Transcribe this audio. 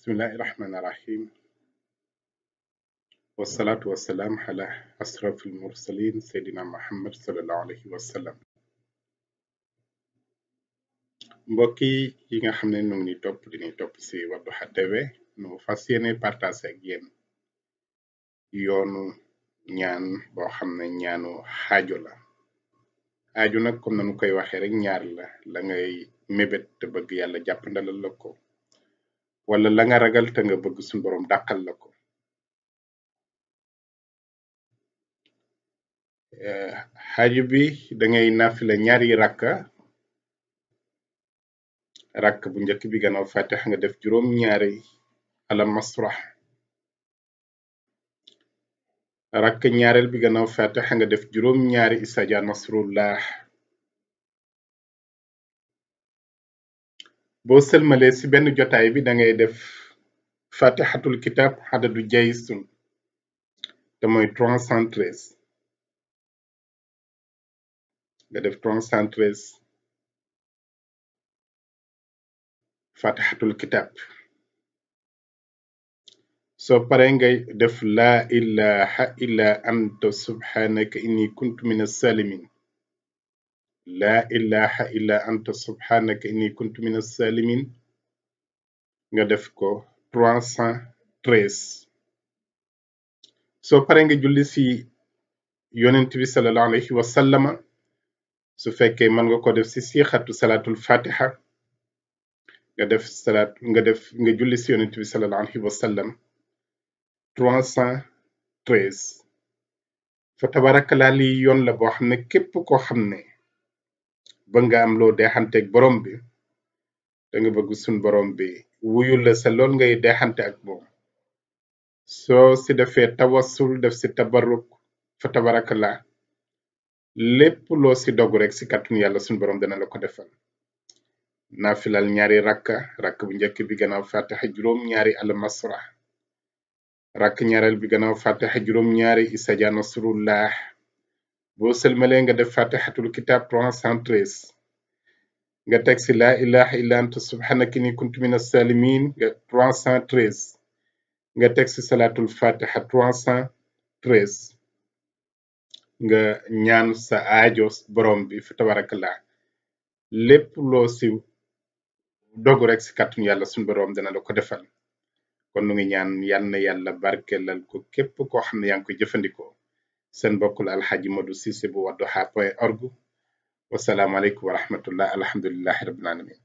bismillahi rahmani rahim wasalaatu wasalaam ala asrafil mursalin seydina muhammad salallahu alayhi wasallam mbokk yi nga xam ne nu ni topp dini topp si Wadduha TV nu fas yéene partage ak yéen yoonu ñaan boo xam ne ñaanu xaajo la xaajo nag comme nanu koy waxee rek ñaar la la ngay mébét te bëgg yàlla jàppandalal la ko wala la ragal te nga bëgg suñu borom dàqal la ko eh, xaaju bi dangay nafila ñaari rakka rakk bu njëkk bi gannaaw fatiha nga def juróom ñaari alam masrah rakk ñaareel bi gannaaw fatiha nga def juróom ñaari isaja nasrullah boo sëlmalee si benn jotaay bi dangay def fatihatul kitab xadadu jaysun te mooy trois cent treize nga def trois cent treize fatihatul kitab soo paree ngay def laa ilaha illa anta subhanaka inni kuntu min assalimin laa ilaha illa anta subhanaka inni kuntu mina salimin nga def ko trois cent treize soo pare nga julli si yonent bi sallallahu alayhi wa sallama su fekkee mën nga ko def si siixatu salaatul fatiha nga def salaat nga def nga julli si yonent bi sallallahu alayhi wa sallam trois cent treize fa tabarakala lii yoon la boo xam ne képp koo xam ne bëgg nga am loo deexanteeg borom bi da nga bëgg suñ boroom bi wuyul la sa lool ngay deexante ak bo soo si defee tawassul def si tabaruk fa la lépp loo si dog rek si kàttun yàlla suñ borom dana la ko defal naafilal ñaari rakka rakk bu njëkk bi gannaaw fatiha juróom ñaari almasra rak ñaareel bi gannaaw fatiha juróom ñaari isa ja nasrullah boo sëlmalee nga def fatihatul kitab 313 nga teg si laa ilaha illa anta subhanaka inni kuntu min assalimin nga 313 nga teg si salatul fatiha 313 nga ñaan sa aajo borom bi fa tabarakallah lépp loo si dogu rek si kàttun yàlla suñu borom dina la ko defal kon nu ngi ñaan yal na yàlla barkeelal ko képp koo xam ne yaa ngi koy jëfandikoo seen bokkul alxaaji Modou Cissé bu wadduha point org wasalaamaaleykum wa rahmatullah alhamdulilahi rabil alamin